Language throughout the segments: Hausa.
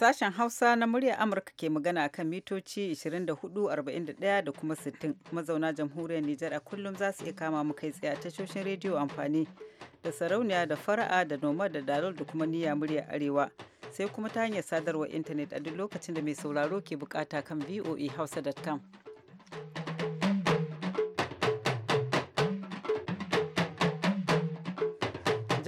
Sashen Hausa na muryar Amurka ke magana kan mitoci 24,41 da kuma 60 mazauna jamhuriyar Nijar a kullum za su iya kama mu kai tsaye a tashoshin rediyo amfani da sarauniya da fara'a da noma da dalol da kuma niyya muryar arewa sai kuma ta hanyar sadarwar intanet a duk lokacin da mai sauraro ke bukata kan voahausa.com.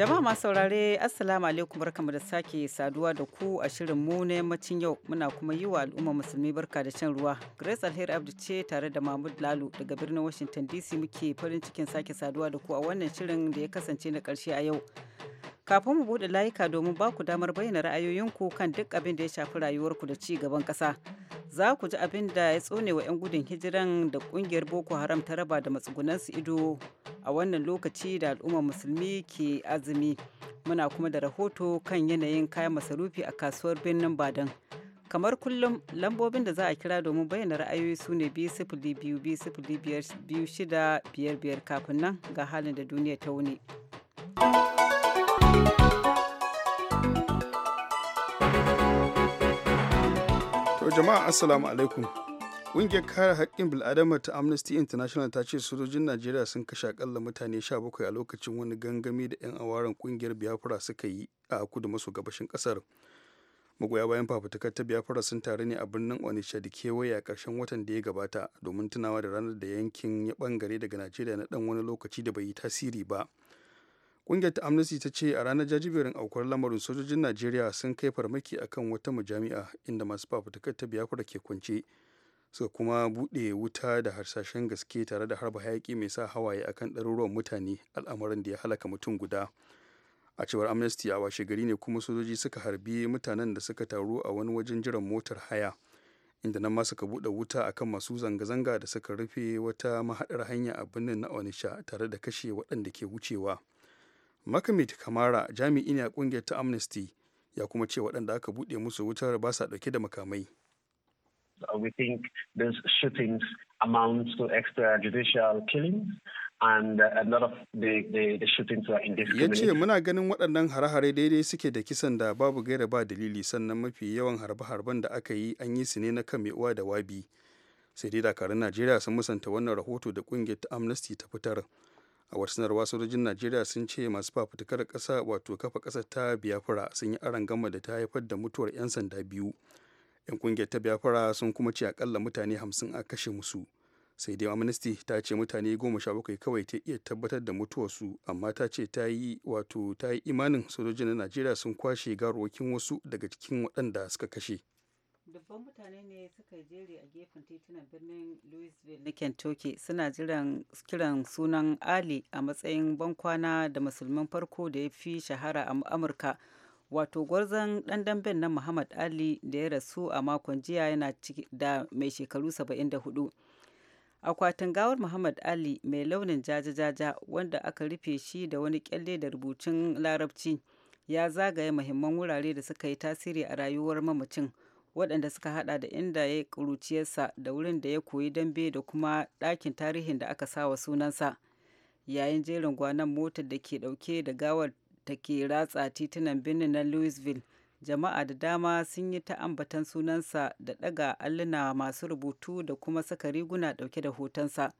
Jama'a masu saurare Assalamu alaikum barkamu da sake saduwa da ku a shirin mu na yammacin yau muna kuma yi wa al'umma musulmi barka da shan ruwa. Grace Alheri Abdu ce tare da Mahmud lalu daga birnin Washington DC muke farin cikin sake saduwa da ku a wannan shirin da ya kasance na karshe a yau. kafin mu buɗe layuka domin ba ku damar bayyana ra'ayoyinku kan duk abin da ya shafi rayuwarku da ci gaban ƙasa za ku ji abin da ya tsone wa 'yan gudun hijiran da ƙungiyar boko haram ta raba da matsugunansu ido a wannan lokaci da al'ummar musulmi ke azumi muna kuma da rahoto kan yanayin kayan masarufi a kasuwar birnin badan kamar kullum lambobin da za a kira domin bayyana ra'ayoyi su ne biyu sifili biyu biyu sifili biyar biyu shida biyar biyar kafin nan ga halin da duniya ta wuni. To jama'a assalamu alaikum. Ƙungiyar kare haƙƙin bil'adama ta Amnesty International ta ce sojojin Najeriya sun kashe akalla mutane 17 a lokacin wani gangami da 'yan awaren ƙungiyar Biafra suka yi a kudu maso gabashin ƙasar. Magoya bayan fafutukar ta Biafra sun taru ne a birnin Onitsha da kewaye a ƙarshen watan da ya gabata domin tunawa da ranar da yankin ya bangare daga Najeriya na ɗan wani lokaci da bai yi tasiri ba. Ƙungiyar ta Amnesty ta ce a ranar jajiberin aukuwar lamarin sojojin Najeriya sun kai farmaki akan wata majami'a inda masu fafutukar ta biyakura ke kwance suka kuma buɗe wuta da harsashen gaske tare da harba hayaƙi mai sa hawaye akan ɗaruruwan mutane al'amarin da ya halaka mutum guda. A cewar Amnesty a washe gari ne kuma sojoji suka harbi mutanen da suka taru a wani wajen jiran motar haya. inda nan ma suka buɗe wuta akan masu zanga-zanga da suka rufe wata mahaɗar hanya a birnin na onisha tare da kashe waɗanda ke wucewa makamit kamara jami'in ne a kungiyar ta amnesty ya kuma ce waɗanda aka buɗe musu wutar ba sa ɗauke da makamai we think shootings to extrajudicial killings and Ya ce muna ganin waɗannan hare-hare daidai suke da kisan da babu gaira ba dalili sannan mafi yawan harbe-harben da aka yi an yi su ne na kan mai uwa da wabi. Sai dai dakarun Najeriya sun musanta wannan rahoto da kungiyar ta Amnesty ta fitar. a sanarwa sojojin najeriya sun ce masu fafutukar kasa wato kafa ƙasar ta biafra sun yi aron gama da ta haifar da mutuwar 'yan sanda biyu 'yan kungiyar ta biafra sun kuma ce akalla mutane hamsin a kashe musu sai dai amnesty ta ce mutane goma sha bakwai kawai ta iya tabbatar da mutuwarsu amma ta ce ta yi wato ta yi imanin sojojin na najeriya sun kwashe garwakin wasu daga cikin waɗanda suka kashe dubban mutane ne suka jere a gefen titunan birnin louisville na kentucky suna jiran kiran sunan ali a matsayin bankwana da musulman farko da ya fi shahara a amurka wato gwarzon dandan ben na muhammad ali da ya rasu a makon jiya yana da mai shekaru 74 akwatin gawar muhammad ali mai launin jaja-jaja wanda aka rufe shi da wani kyalle da rubucin larabci ya zagaye muhimman wurare da suka yi tasiri a rayuwar mamacin waɗanda suka hada da inda ya ƙuruciyarsa da wurin da ya koyi dambe da kuma ɗakin tarihin da aka sawa sunansa yayin jerin gwanon motar da ke ɗauke da gawar ta ke ratsa titunan birnin na louisville jama'a da dama sun yi ta ambatan sunansa da ɗaga alluna masu rubutu da kuma saka riguna ɗauke da hotonsa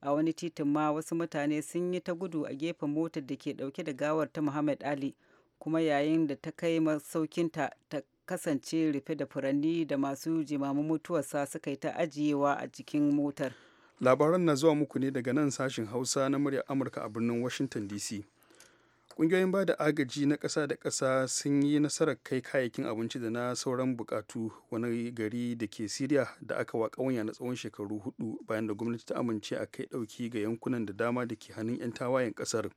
a wani titin ma wasu mutane sun yi ta gudu a gefen motar da ke ɗauke da gawar ta muhammad ali kuma yayin da ta kai masaukinta ta kasance rufe da furanni da masu jimamin mutuwarsa suka yi ta ajiyewa a jikin motar labaran na zuwa muku ne daga nan sashen hausa na murya amurka a birnin washington dc ƙungiyoyin ba da agaji na ƙasa da ƙasa sun yi nasarar kai kayayyakin abinci da na sauran buƙatu wani gari da ke siriya da aka wa ƙawanya na tsawon shekaru hudu bayan da gwamnati ta amince a kai ɗauki ga yankunan da dama da ke hannun 'yan tawayen ƙasar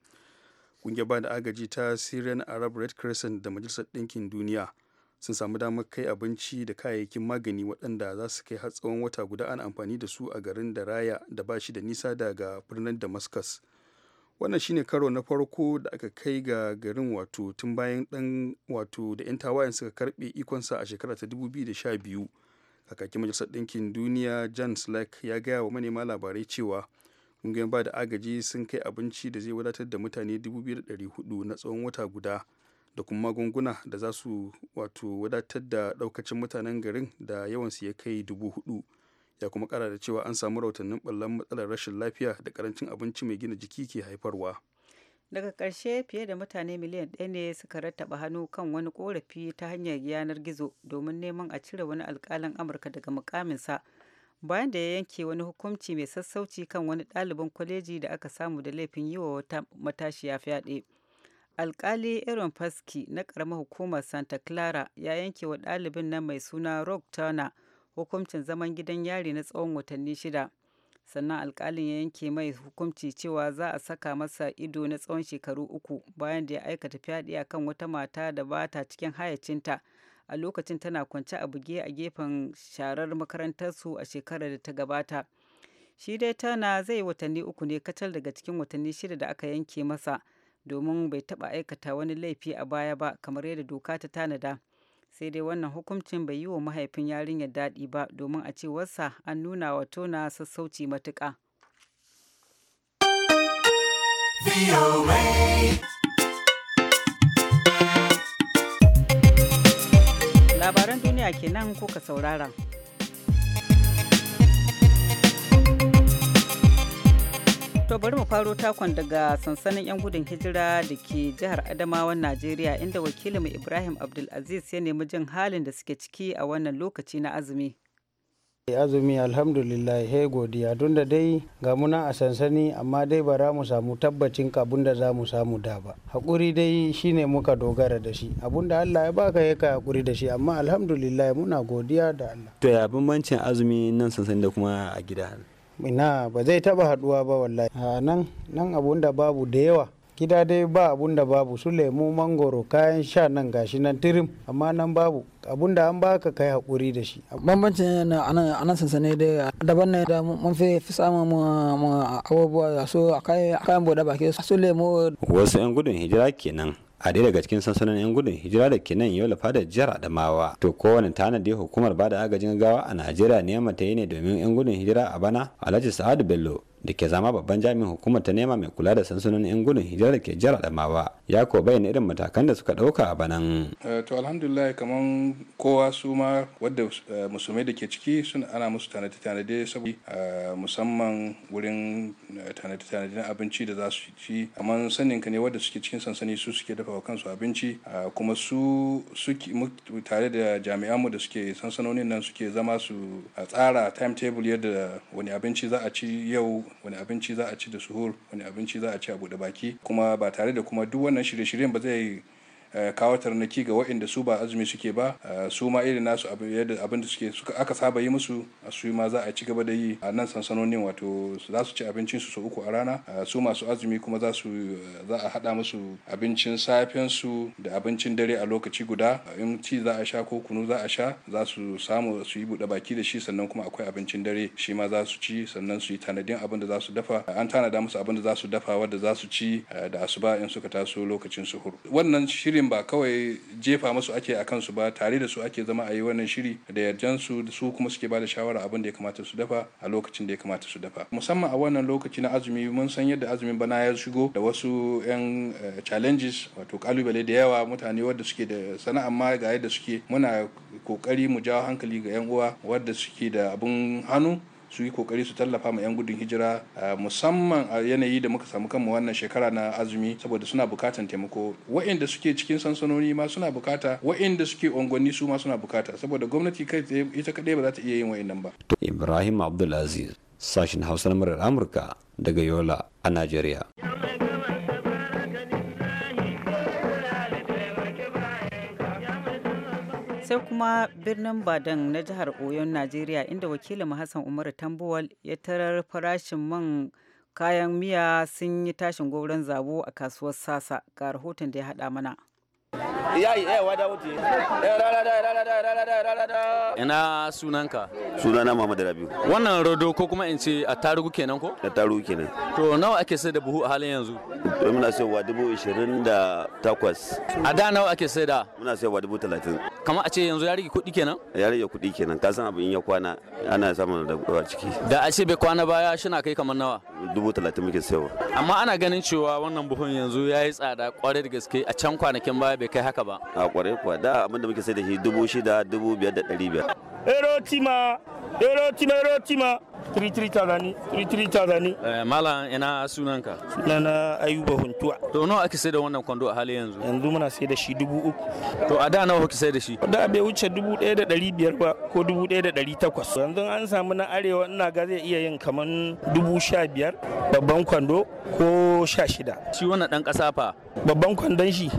ƙungiyar ba da agaji ta syrian arab red crescent da majalisar ɗinkin duniya sun samu damar kai abinci da kayayyakin magani waɗanda za su kai har tsawon wata guda ana amfani da su a garin da raya da ba shi da nisa daga birnin damascus wannan shine karo na farko da aka kai ga garin wato tun bayan dan wato da 'yan tawayen suka karbe ikonsa a shekara ta 2012 kakakin majalisar ɗinkin duniya jan slack ya gaya wa manema labarai cewa ƙungiyar ba da agaji sun kai abinci da zai wadatar da mutane 2,400 na tsawon wata guda da kuma magunguna da za su wato wadatar da daukacin mutanen garin da yawansu ya kai dubu hudu ya kuma kara da cewa an samu rautannin ballan matsalar rashin lafiya da karancin abinci mai gina jiki ke haifarwa daga karshe fiye da mutane miliyan ɗaya ne suka rattaba hannu kan wani korafi ta hanyar yanar gizo domin neman a cire wani alƙalin amurka daga mukaminsa bayan da ya yanke wani hukunci mai sassauci kan wani ɗalibin kwaleji da aka samu da laifin yi wa wata matashiya fyaɗe alkali aaron faski na karamar hukumar santa clara ya yanke wa ɗalibin na mai suna rock turner hukuncin zaman gidan yari na tsawon watanni shida sannan alkalin ya yanke mai hukunci cewa za a saka masa ido na tsawon shekaru uku bayan da ya aikata fyaɗe a kan wata mata da ba ta cikin hayacinta a lokacin tana kwance a buge a gefen sharar makarantarsu a shekarar da ta gabata shi dai tana zai watanni uku ne kacal daga cikin watanni shida da aka yanke masa domin bai taɓa aikata wani laifi a baya ba kamar yadda doka ta tanada sai dai wannan hukuncin bai yi wa mahaifin yarinyar daɗi ba domin a cewarsa an nuna wa tona sassauci matuka. labaran duniya kenan ka saurara. To bari mu faro takon daga sansanin 'yan gudun hijira da ke jihar Adamawan Najeriya inda wakilinmu Ibrahim Abdulaziz ya nemi jin halin da suke ciki a wannan lokaci na azumi. Eh, azumi alhamdulillah he godiya don da dai ga muna a sansani amma dai ba za mu samu tabbacin abun da za mu samu da ba hakuri dai shine muka dogara da shi abun da allah ya baka ya ka hakuri da shi amma alhamdulillah muna godiya da allah to ya bambancin azumi nan sansani da kuma a gida ina ba zai taba haduwa ba wallahi nan nan abun da babu da yawa gida dai ba abun da babu su lemu mangoro kayan sha nan gashi nan tirim amma nan babu abun da an baka kai hakuri da shi bambancin a nan sansane da daban ne da mun fi fi samun abubuwa su kayan bude baki su lemu wasu 'yan gudun hijira kenan a dai daga cikin sansanin 'yan gudun hijira da ke nan yau lafa da jihar adamawa to kowane tanadi hukumar bada agajin gawa a najeriya ne ta yi ne domin 'yan gudun hijira a bana alhaji sa'adu bello da ke zama babban jami'in hukumar ta nema mai kula da sansanonin 'yan gudun hijira da ke da adamawa ya ko bayyana irin matakan da suka ɗauka a banan. Eh, to alhamdulillah kamar kowa su ma wadda eh, musulmai da ke ciki sun ana musu tanade-tanade saboda eh, musamman wurin tanade-tanade na abinci da za su ci amma sanin ka ne wadda suke cikin sansani su suke dafa wa kansu abinci kuma su suke tare da jami'an mu da suke sansanonin nan suke zama su tsara timetable yadda wani abinci za a ci yau wani abinci za a ci da suhur wani abinci za a ci a buɗe baki kuma ba tare da kuma duk wannan shirye-shiryen ba zai Eh, kawo tarnaki ga waɗanda su ba azumi suke ba eh, su ma irin nasu abin da suke suka aka saba yi musu eh, su ma za a ci gaba da yi a nan sansanonin wato za su ci abincin su uku a rana su masu azumi kuma za su za a hada musu abincin safen su da abincin dare a lokaci guda in ci za a sha ko kunu za a sha za su samu su yi buɗe baki da shi sannan kuma akwai abincin dare shi ma za su ci sannan su yi tanadin abin da za su dafa an tanada musu abin da za su dafa wadda za su ci da asuba in suka taso lokacin suhur wannan shirin aikin ba kawai jefa musu ake a kansu ba tare da su ake zama a yi wannan shiri da yarjan su da su kuma suke bada shawara abin da ya kamata su dafa a lokacin da ya kamata su dafa musamman a wannan lokaci na azumi mun san yadda azumin bana ya shigo da wasu yan eh, challenges wato kalubale da yawa mutane wadda suke da sana'a ma ga yadda suke muna kokari mu jawo hankali ga yan uwa wadda suke da abun hannu su yi kokari su tallafa ma 'yan gudun hijira musamman a yanayi da muka samu kanmu wannan shekara na azumi saboda suna bukatan taimako wa'inda suke cikin sansanoni ma suna bukata wa'inda suke unguwanni su ma suna bukata saboda gwamnati kai tsaye ita kadai ba za ta iya yin wa'innan ba. Ibrahim Abdulaziz sashin Hausa na Amurka daga Yola a Najeriya. sai kuma birnin badan na jihar oyon najeriya inda wakilin hassan umaru tambuwal ya tarar farashin man kayan miya sun yi tashin goron zabo a kasuwar sasa ga rahoton da ya haɗa mana eh, ina sunanka sunana mamadu Rabiu wannan rodo ko kuma in ce a tarugu kenan ko a tarugu kenan to nawa ake sai da buhu a halin yanzu to muna wa dubu ishirin da takwas a da nawa ake saida muna wa dubu talatin kamar a ce yanzu ya rage kuɗi kenan ya rage kuɗi kenan ka san abin ya kwana ana samun da ciki da a ce bai kwana baya shina kai kamar nawa dubu talatin muke sayarwa amma ana ganin cewa wannan buhun yanzu ya yi tsada kwarai da gaske a can kwanakin baya bai kai haka ba a kwarai kuwa da abin da muke sai da shi dubu shida dubu biyar da ɗari biyar erotima erotima erotima 33 talani 33 talani malam ina sunanka sunana ayuba huntuwa to nawa ake sai da wannan kwando a hali yanzu yanzu muna sai da shi dubu uku to a da nawa kuke sai da shi da bai wuce dubu ɗaya da ɗari biyar ba ko dubu ɗaya da ɗari takwas yanzu an samu na arewa ina ga zai iya yin kaman dubu sha biyar babban kwando ko sha shida shi wannan ɗan ƙasa fa babban kwandon shi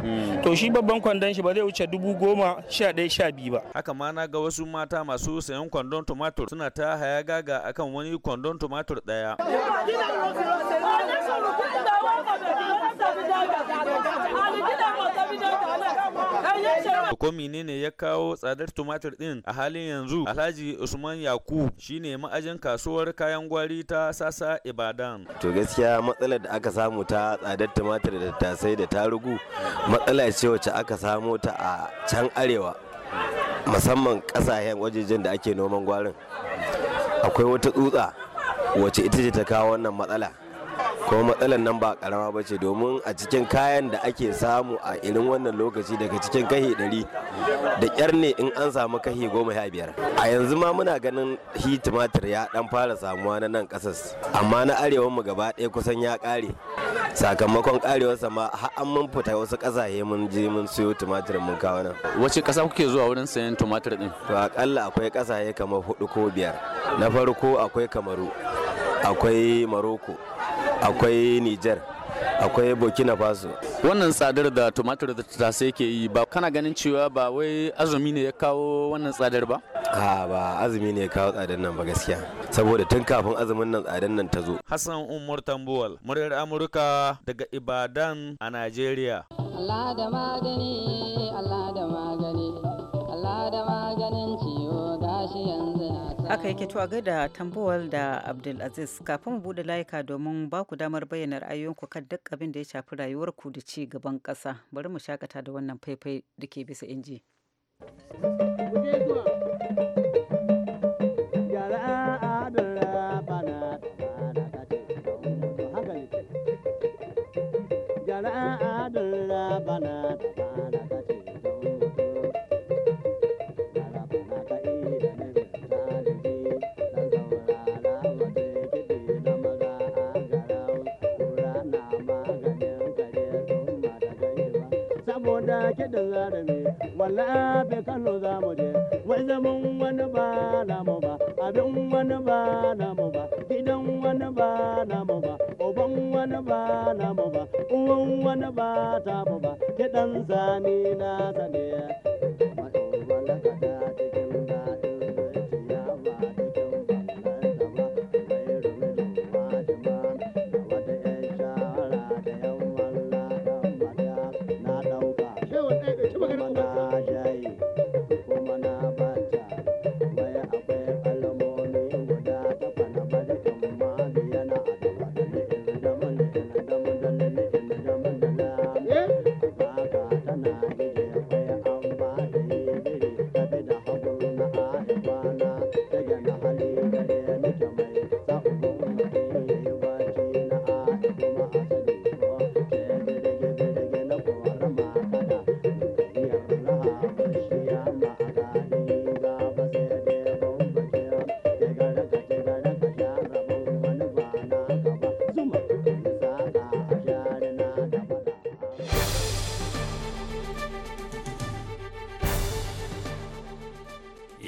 to shi babban kwandon shi ba zai wuce dubu goma sha ɗaya sha biyu ba haka ma na ga wasu mata masu sayan kwandon tumatur suna ta haya gaga akan kan wani kwandon tumatur ɗaya. Ko ne ya kawo tsadar tumatir ɗin a halin yanzu Alhaji Usman Yaku shine ma'ajin kasuwar kayan gwari ta Sasa Ibadan. To gaskiya matsalar da aka samu ta tsadar tumatir da tasai da tarugu matsala ce wacce aka samo ta a can arewa musamman ƙasashen wajejen da ake noman gwarin. akwai wata tsutsa wacce ita ce ta kawo wannan matsala kuma matsalar nan ba karama ba ce domin a cikin kayan da ake samu a irin wannan lokaci daga cikin kahi 100 da kyar ne in an samu kahi goma biyar a yanzu ma muna ganin hitimatir ya dan fara samuwa na nan kasas amma na arewa mu gaba ɗaya kusan ya ƙare sakamakon karewarsa sama har an mun fita wasu kasashe mun je mun siyo tumatir mun kawo nan wace ƙasa kuke zuwa wurin sayan tumatir din to akalla akwai kasashe kamar hudu ko biyar na farko akwai kamaru akwai maroko akwai niger akwai burkina faso wannan tsadar da tumatir da sai ke yi ba kana ganin cewa ba wai azumi ne ya kawo wannan tsadar ba a ba azumi ne ya kawo tsadar nan ba gaskiya saboda tun kafin azumin nan tsadar nan ta zo hassan umar tambuwal muryar amurka daga ibadan a najeriya allah da magani allah da magani allah da magani Haka yake to a da tambowar da abdul aziz kafin mu buɗe layuka domin ba ku damar bayyana ra'ayoyinku kan duk abin da ya shafi rayuwarku da ci gaban ƙasa. Bari mu shakata da wannan faifai da bisa inji. kiɗin zarabe walla be kano za mu je wai zaman wani ba namu ba abin wani ba namu ba gidan wani ba namu ba uban wani ba namu ba uwan wani ba tamu ba kiɗan zani na sane. Maɗo wala kada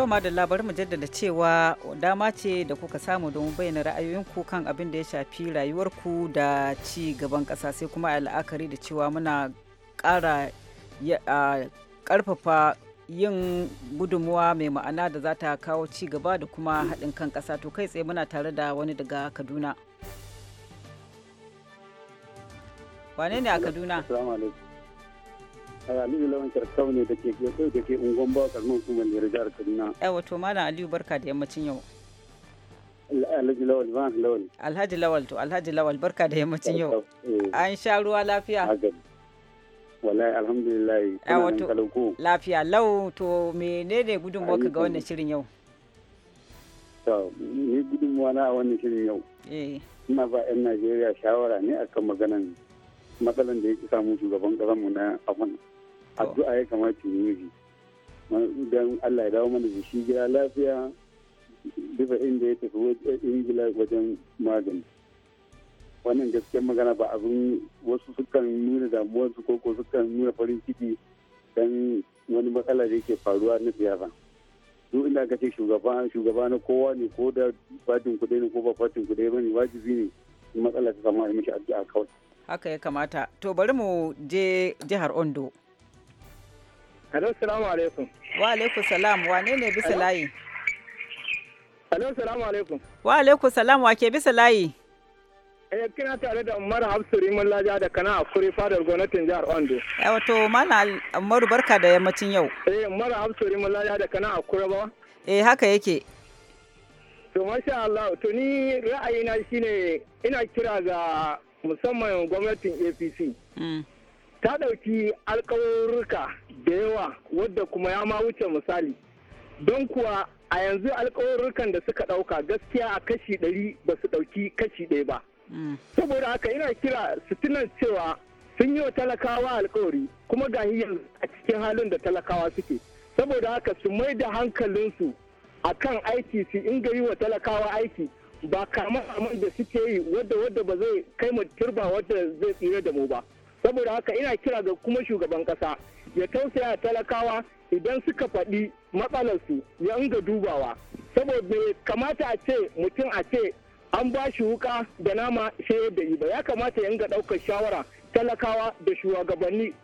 To da labarin mu jaddada cewa dama ce da kuka samu domin bayyana ra'ayoyinku kan abin da ya shafi rayuwarku da ci gaban ƙasa sai kuma a la'akari da cewa muna ƙara ƙarfafa yin gudunmuwa mai ma'ana da za ta kawo ci gaba da kuma haɗin kan ƙasa to kai tsaye muna tare da wani daga Kaduna. Wane ne a Kaduna? Aliyu Lawan Kyarkau ne da ke gefe da ke ungon ba karmin kuma ne jihar Kaduna. Yawa to Malam Aliyu barka da yammacin yau. Alhaji Lawal Ban Lawal. Alhaji Lawal to Alhaji Lawal barka da yammacin yau. Eh. An sha ruwa lafiya. Wallahi alhamdulillah. Yawa to lafiya lau to menene gudunmuwa ga wannan shirin yau? To ni gudunmuwa na a wannan shirin yau. Eh. Ina ba 'yan Najeriya shawara ne akan maganan matsalan da yake samu shugaban mu na Afghanistan. addu'a ya kamata yi don Allah ya dawo mana da shi gida lafiya duka inda ya tafi eh, ingila wajen magani wannan gaskiyar magana ba abin wasu sukan nuna damuwarsu ko ko sukan nuna farin ciki don wani matsala da yake faruwa na siyasa duk inda aka ce shugaba shugaba na kowa ne ko da fatin kudai ne ko ba fatin kudai ba ne wajibi ne matsala ta samu a mishi addu'a kawai haka ya kamata to bari mu je jihar ondo Hello, salamu alaikum. Wa alaikum salam, wane ne bisa layi? Hello, salamu alaikum. Wa alaikum salam, wa ke bisa layi? Eh, kina tare da Umar Hafsu Rimin Laja da Kana Akuri fadar gwamnatin jihar Ondo. Eh, wato Mana Umaru barka da yammacin yau. Eh, Umar Hafsu Rimin Laja da Kana Akuri ba? Eh, haka yake. To, masha Allah, to ni ra'ayina shine ina kira ga musamman gwamnatin APC. Mm. ta ɗauki alkawarurruka da yawa wadda kuma ya ma wuce misali don kuwa a yanzu alkawarurrukan da suka ɗauka gaskiya a kashi ɗari ba su ɗauki kashi ɗaya ba mm. saboda haka ina kira su tunan cewa sun yi wa talakawa alkawari kuma ga yanzu a cikin halin da talakawa suke saboda haka su mai da hankalinsu a kan aiki su inga yi wa talakawa aiki ba kama da suke yi wadda wadda ba zai kai mu turba wadda zai tsira da mu ba. saboda haka ina kira ga kuma shugaban kasa ya tausaya talakawa idan suka faɗi matsalarsu ya inga dubawa saboda kamata a ce mutum a ce an ba shi wuka da nama sai da yi ba ya kamata ya inga ɗaukar shawara talakawa da shugabanni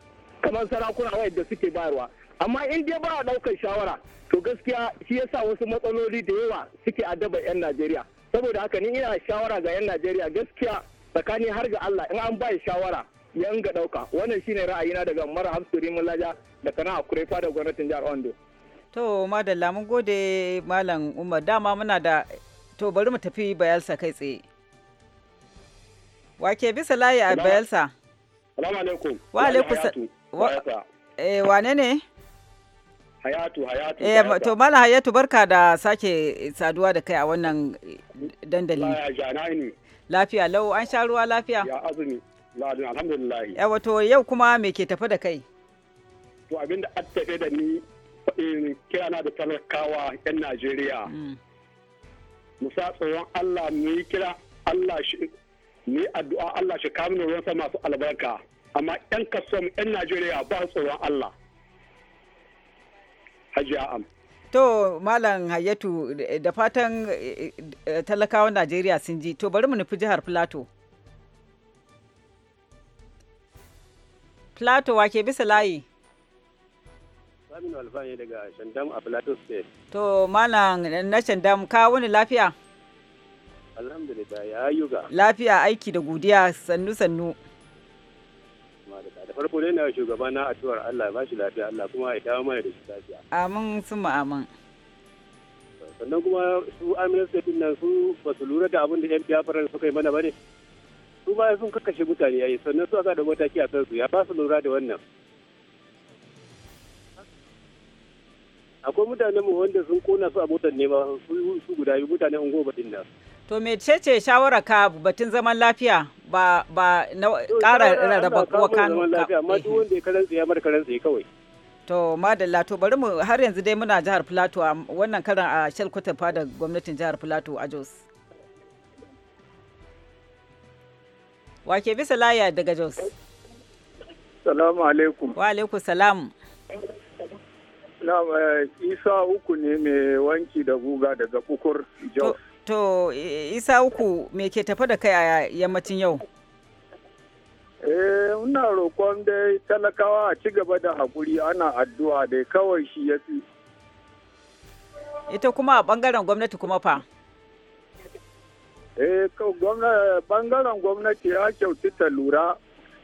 kamar sarakuna wayanda suke bayarwa amma in dai ba a ɗaukar shawara to gaskiya shi yasa wasu matsaloli da yawa suke adaba 'yan najeriya saboda haka ni ina shawara ga 'yan najeriya gaskiya tsakani har ga allah in an ba shawara yan ga dauka wannan shine ra'ayina daga mara hamsuri mun laja da kana akure da gwamnatin jihar ondo to madalla mun gode malam umar dama muna da to bari mu tafi bayalsa kai tsaye wake bisa layi a bayalsa salamu alaikum wa alaikum eh wane ne hayatu hayatu eh to malam hayatu barka da sake saduwa da kai a wannan dandali lafiya lau an sha ruwa lafiya ya azumi Ladin alhamdulillah. Ya wato yau kuma me ke tafi da kai? To da an tafi da ni kira na da talakawa 'yan Najeriya. Mm. Musa tsoron Allah mu yi kira Allah shi mu yi addu'a Allah shi kamun ruwan sama masu albarka. Amma 'yan kasuwan 'yan Najeriya ba tsoron Allah. Hajiya Am. To Malam Hayatu da fatan eh, eh, eh, talakawan Najeriya sun ji to bari mu nufi jihar Filato. Plato wake bisa layi. Saminu Alfani daga Shandam a Plato State. To malam na Shandam ka wani lafiya? Alhamdulillah ya ayyuka. Lafiya aiki da godiya sannu sannu. Da farko dai na shugaba na addu'ar Allah ba shi lafiya Allah kuma ya dawo mana da shi lafiya. Amin summa amin. Sannan kuma su Amina State nan su ba su lura da abin da 'yan biyafaran suka yi mana ba ne. su ba sun kakashe mutane yayi sannan su aka da mataki a kansu ya ba su lura da wannan akwai mutane mu wanda sun kona su a motar nema su guda biyu mutane ungo batin nan to mecece shawara ka batun zaman lafiya ba ba na ƙara rarraba kuwa kan zaman lafiya amma duk eh. wanda ya karanta ya mar karantsa kawai To madalla to bari mu har yanzu dai muna jihar plateau wannan karan a shalkwatar da gwamnatin jihar plateau a Jos. Wake bisa laya daga Jos. Salamu alaikum. Wa alaikum salam. Na eh, isa uku ne mai wanki da guga daga kukur Jos. To, isa uku me ke tafi da kai a yammacin yau? Eh, muna roƙon dai talakawa a ci gaba da haƙuri ana addu'a dai kawai shi ya fi. Ita kuma a ɓangaren gwamnati kuma fa? Eh, bangaren gwamnati ya kyauci ta lura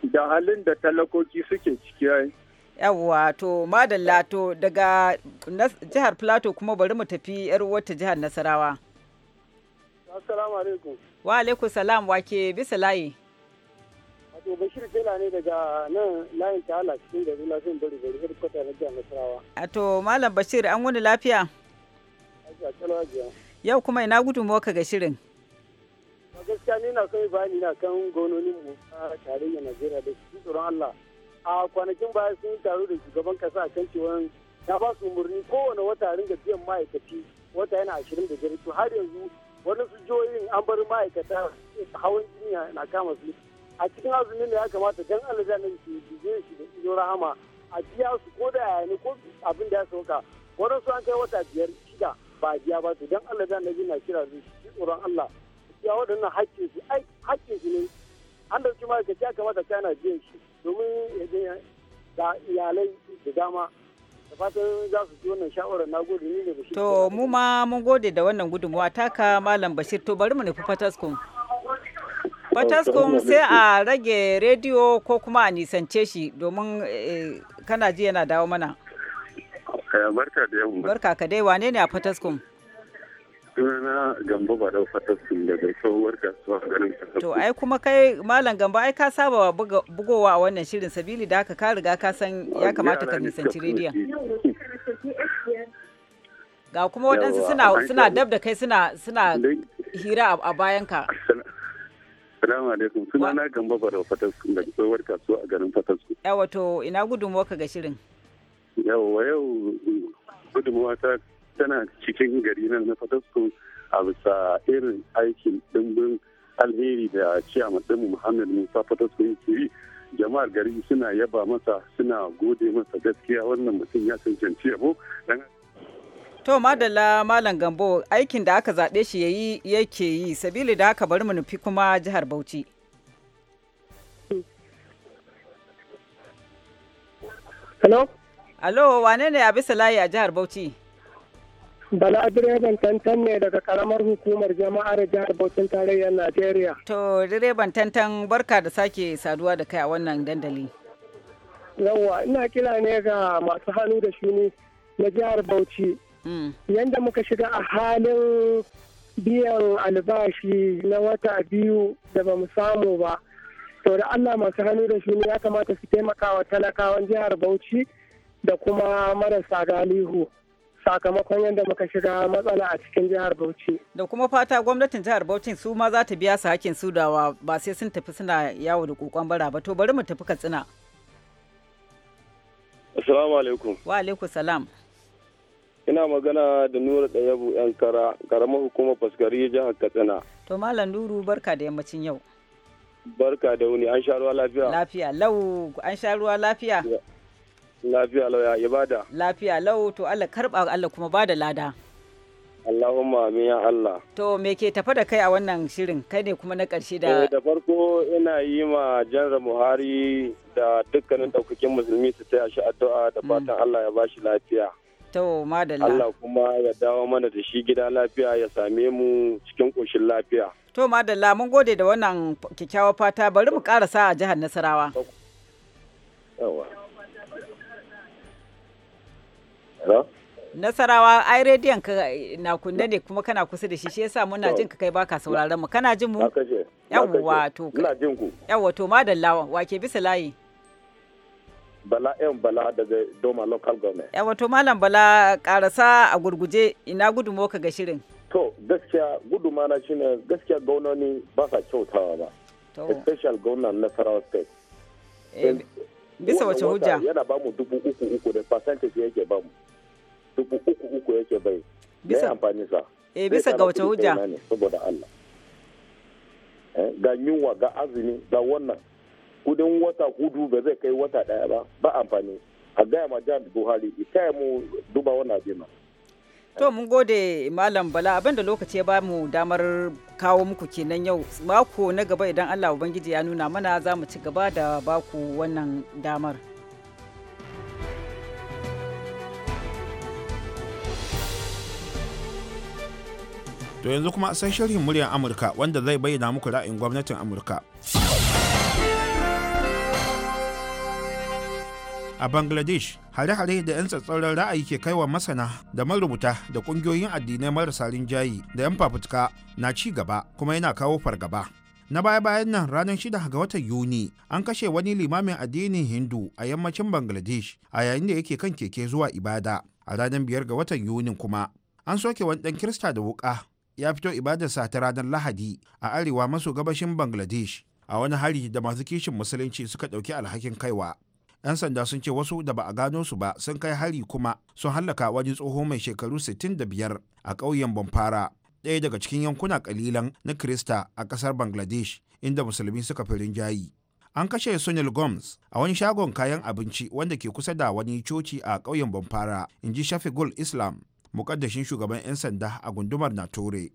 da halin da talakoki suke ciki yayi. Yawwa to madalla to daga jihar Plateau kuma bari mu tafi yar wata jihar Nasarawa. Assalamu alaikum. Wa alaikum salam wake bisa layi. Wato Bashir Tela ne daga nan layin ta ala cikin gari lafiyan bari bari har kwata na jihar Nasarawa. A to Malam Bashir an wani lafiya? Yau kuma ina gudunmuwa ka ga shirin. gaskiya ni na son bayani na kan gononin mu a tarayyar Najeriya da su tsoron Allah. A kwanakin baya sun taru da shugaban kasa a kan cewa ya ba su umarni kowane wata ringa biyan ma'aikaci wata yana ashirin da biyar har yanzu wani su joyin an bar ma'aikata hawan jini na kama su a cikin azumin da ya kamata dan Allah ya nan su je shi da ido rahama a biya su ko da yaya ne ko abin da ya sauka wani su an kai wata biyar shida ba a biya ba su dan Allah ya na kira su tsoron Allah ya waɗannan haƙƙin su ai haƙƙin su ne an ɗauki ma'aikaci ya kamata kana biyan shi domin ya je da iyalai da dama da fatan za su ji wannan shawarar na gode ni da bashir to mu ma mun gode da wannan gudunmuwa taka malam bashir to bari mu nufi fataskun fataskun sai a rage rediyo ko kuma a nisance shi domin eh, kana ji yana dawo mana eh, barka da yau barka ka dai wane ne a fataskun suna Gambo ba dau fatassun daga tsohuwar kasuwa garin To ai kuma kai Malam Gambo ai ka saba bugowa a wannan shirin sabili da haka ka riga ka san ya kamata ka nisanci rediyon. Ga kuma waɗansu suna suna dab da kai suna suna hira a bayan ka Salamu alaikum sunana Gambo ba dau fatassun daga tsohuwar kasuwa a garin Fatasku. Yawa to ina gudunmuwa ka ga shirin. Yawa yau gudunmuwa ta tana cikin gari nan na fatasko a bisa irin aikin dimbin alheri da ciyama ɗin muhammad musa fatasko yake jama'ar gari suna yaba masa suna gode masa gaskiya wannan mutum ya cancanci yabo To Madalla Malam Gambo aikin da aka zaɓe shi yayi yake yi sabili da haka bari mu nufi kuma jihar Bauchi. Hello? Hello, wane ne a bisa layi a jihar Bauchi? Bala direban tantan ne daga karamar hukumar jama'ar jihar Bautin tarayyar Najeriya. To direban tantan barka da sake saduwa da kai a wannan dandali. Yawwa ina kila ne ga masu hannu da shuni na jihar Bauchi. Hmm. Yanda muka shiga a halin biyan albashi na wata biyu da ba mu samu ba. To da Allah masu hannu da shuni ya kamata su taimaka wa talakawan jihar Bauchi da kuma marasa galihu. sakamakon yadda muka shiga matsala a cikin jihar Bauchi. Da kuma fata gwamnatin jihar Bauchi su ma za ta biya su hakin su dawa ba sai sun tafi suna yawo da kokon bara ba to bari mu tafi Katsina. Assalamu alaikum. Wa alaikum salam. Ina magana da Nura da yan kara karamar hukumar faskari jihar Katsina. To Malam Nuru barka da yammacin yau. Barka da wuni an sha ruwa lafiya. Lafiya lau an sha ruwa lafiya. Yeah. Lafiya lau ya ibada. Lafiya lau to Allah karba Allah kuma bada lada. Allahumma amin ya Allah. To me ke tafa da kai a wannan shirin kai ne kuma na ƙarshe da. Eh, da farko ina yi ma Janar Buhari da dukkanin ɗaukakin musulmi su taya shi addu'a da mm. fatan Allah ya ba shi lafiya. To madalla. Allah kuma ya dawo mana da shi gida lafiya ya same mu cikin ƙoshin lafiya. To madalla mun gode da wannan kyakkyawar fata bari mu ƙarasa a jihar Nasarawa. Yawa. Nasarawa ai rediyon ka na kunne ne kuma kana kusa da shi shi yasa muna jin ka kai baka sauraron mu kana jin mu yawwa to ina jin ku yawwa to madalla wake bisa layi Bala yan Bala daga Doma local government yawwa to malam Bala karasa a gurguje ina gudumo ka ga shirin to gaskiya guduma na shine gaskiya gwamnoni ba sa kyautawa ba special na Nasarawa state eh, bisa wace hujja yana ba mu dubu uku uku da percentage yake ba mu dubu uku uku yake bai bisa amfani sa eh bisa ga wace hujja saboda Allah eh, ga yunwa ga azumi ga wannan kudin wata hudu ba zai kai wata daya ba ba amfani a gaya ma jami'in buhari ita mu duba wannan abin To mun gode Malam Bala abinda lokaci ya bamu damar kawo muku kenan yau mako na gaba idan Allah Ubangiji ya nuna mana za mu ci gaba da baku wannan damar. To yanzu kuma sai shirin muryar Amurka wanda zai bayyana muku ra'ayin gwamnatin Amurka. A Bangladesh hare-hare da 'yan tsatsauran ra'ayi ke kaiwa masana da marubuta da kungiyoyin addinai marasa rinjaye da 'yan fafutuka na ci gaba kuma yana kawo fargaba na baya-bayan nan ranar 6 ga watan yuni an kashe wani limamin addinin hindu a yammacin bangladesh a yayin da yake kan keke zuwa ibada a ranar 5 ga watan yuni kuma an soke wani dan kirista da wuka ya fito ibadarsa ta ranar lahadi a arewa maso gabashin bangladesh a wani hari da masu kishin musulunci suka ɗauki alhakin kaiwa 'yan sanda sun ce wasu da ba a gano su ba sun kai hari kuma sun hallaka wani tsoho mai shekaru 65 a ƙauyen bamfara ɗaya daga cikin yankuna ƙalilan na krista a ƙasar bangladesh inda musulmi suka fi rinjayi an kashe sunil gomes a wani shagon kayan abinci wanda ke kusa da wani coci a ƙauyen bamfara in ji gul islam muƙaddashin shugaban 'yan sanda a gundumar nature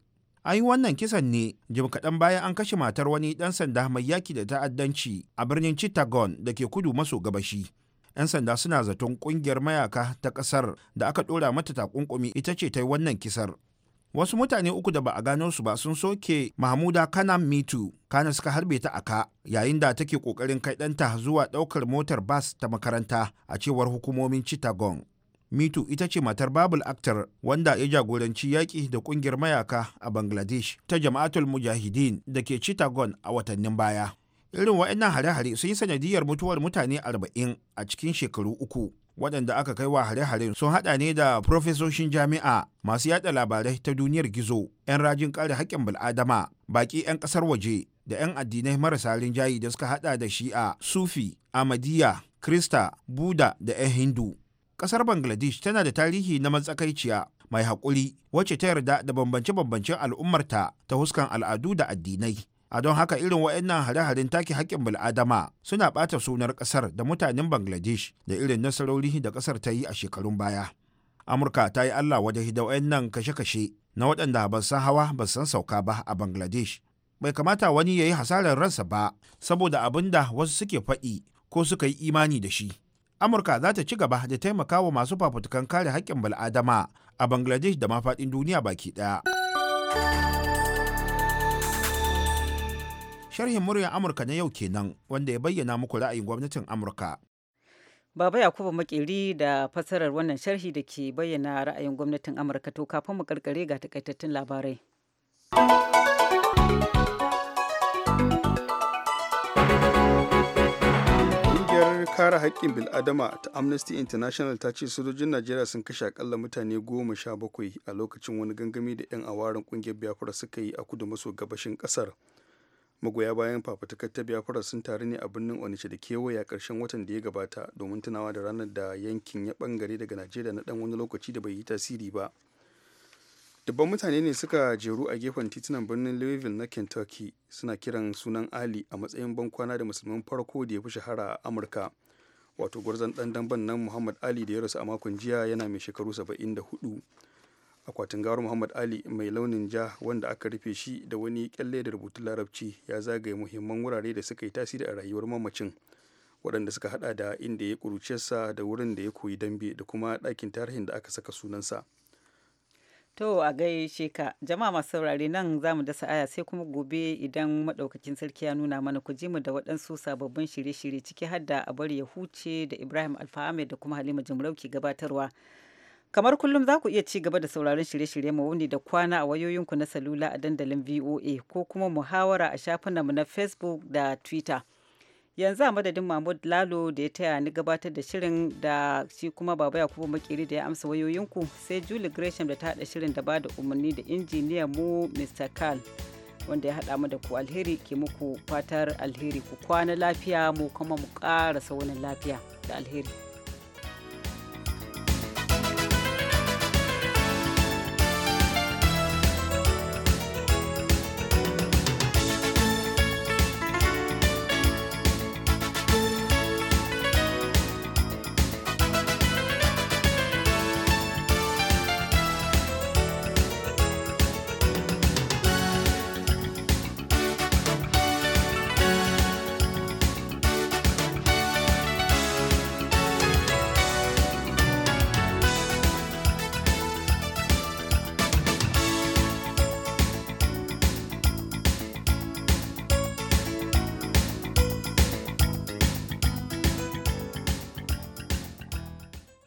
an yi wannan kisan ne jim kaɗan bayan an kashe matar wani ɗan sanda mai yaki da ta'addanci a birnin chittagong da ke kudu maso gabashi 'yan sanda suna zaton ƙungiyar mayaka ta ƙasar da aka ɗora mata takunkumi ita ce ta yi wannan kisar wasu mutane uku da ba a gano su ba sun soke mahmuda kana mitu kana suka harbe ta aka yayin da take ƙoƙarin kai ɗanta zuwa ɗaukar motar bas ta makaranta a cewar hukumomin chittagong mitu ita ce matar babul aktar wanda ya jagoranci yaƙi da ƙungiyar mayaka a bangladesh ta jama'atul mujahideen da ke Chittagong a watannin baya irin waɗannan hare-hare sun yi sanadiyar mutuwar mutane arba'in a cikin shekaru uku waɗanda aka kai wa hare-haren sun haɗa ne da profesoshin jami'a masu yada labarai ta duniyar gizo 'yan rajin kare haƙƙin bil'adama baƙi 'yan ƙasar waje da 'yan addinai marasa rinjayi da suka haɗa da shi'a sufi amadiya krista buda da 'yan hindu kasar bangladesh tana da tarihi na matsakaiciya mai haƙuri wacce ta yarda da bambance-bambancen al'ummarta ta huskan al'adu da addinai a don haka irin waɗannan hare-haren take haƙƙin bil'adama suna ɓata sunar ƙasar da mutanen bangladesh da irin nasarori da ƙasar ta yi a shekarun baya amurka ta yi allah wajen da waɗannan kashe-kashe na waɗanda ban san hawa ba san sauka ba a bangladesh bai kamata wani ya yi hasarar ransa ba saboda abin da wasu suke faɗi ko suka yi imani da shi amurka za ta ci gaba da taimaka wa masu fafutukan kare haƙƙin bal'adama a bangladesh da mafaɗin duniya baki ɗaya sharhin muryar amurka na yau kenan wanda ya bayyana muku ra'ayin gwamnatin amurka Baba Yakubu Makeri da fassarar wannan sharhi da ke bayyana ra'ayin gwamnatin Amurka to kafin mu karkare ga takaitattun labarai. kare haƙƙin bil'adama ta amnesty international ta ce sojojin najeriya sun kashe akalla mutane goma sha bakwai a lokacin wani gangami da 'yan awarin kungiyar biafra suka yi a kudu maso gabashin kasar magoya bayan fafutukar ta biafra sun taru ne a birnin onitsha da kewaye a karshen watan da ya gabata domin tunawa da ranar da yankin ya bangare daga najeriya na ɗan wani lokaci da bai yi tasiri ba dubban mutane ne suka jeru a gefen titunan birnin louisville na kentucky suna kiran sunan ali a matsayin bankwana da musulman farko da ya fi shahara a amurka wato gwarzon dan damben nan muhammad ali da ya rasu a makon jiya yana mai shekaru 74 akwatin gawar muhammad ali mai launin ja wanda aka rufe shi da wani kyalle da rubutun larabci ya zagaye muhimman wurare da suka yi tasiri a rayuwar mamacin waɗanda suka hada da inda ya sa da wurin da ya koyi dambe da kuma ɗakin tarihin da aka saka sunansa To a gaishe ka jama'a masu saurare nan za mu dasa aya sai kuma gobe idan madaukakin sarki ya nuna mana ku ji mu da waɗansu sababbin shirye-shirye ciki har da a bari ya huce da Ibrahim Alfahame da kuma Halima Jimrauki gabatarwa. Kamar kullum za ku iya ci gaba da sauraron shirye-shirye mu wuni da kwana a wayoyinku na salula a dandalin VOA ko kuma muhawara a mu na Facebook da Twitter. yanzu a madadin mahmud lalo da ya taya ni gabatar da shirin da shi kuma baba yakubu makeri da ya amsa wayoyinku sai julie gresham da ta haɗa shirin da ba da umarni da injiniya mu mr carl wanda ya haɗa mu da ku alheri ke muku fatar alheri ku kwana lafiya mu kuma mu ƙara saunin lafiya da alheri